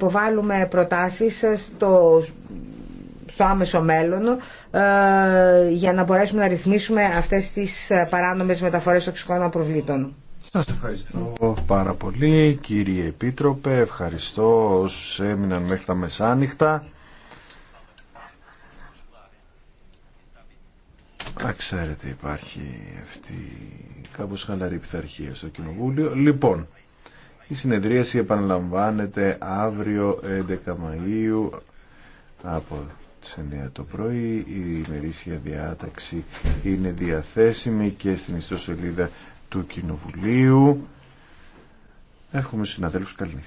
υποβάλουμε προτάσεις στο, στο άμεσο μέλλον ε, για να μπορέσουμε να ρυθμίσουμε αυτές τις παράνομες μεταφορές οξυγόνων προβλήτων. Σας ευχαριστώ πάρα πολύ κύριε Επίτροπε, ευχαριστώ όσους έμειναν μέχρι τα μεσάνυχτα. Α, ξέρετε υπάρχει αυτή κάπως χαλαρή πειθαρχία στο Κοινοβούλιο. Λοιπόν, η συνεδρίαση επαναλαμβάνεται αύριο 11 Μαΐου από τις 9 το πρωί. Η ημερήσια διάταξη είναι διαθέσιμη και στην ιστοσελίδα του Κοινοβουλίου. Εύχομαι συναδέλφους καλή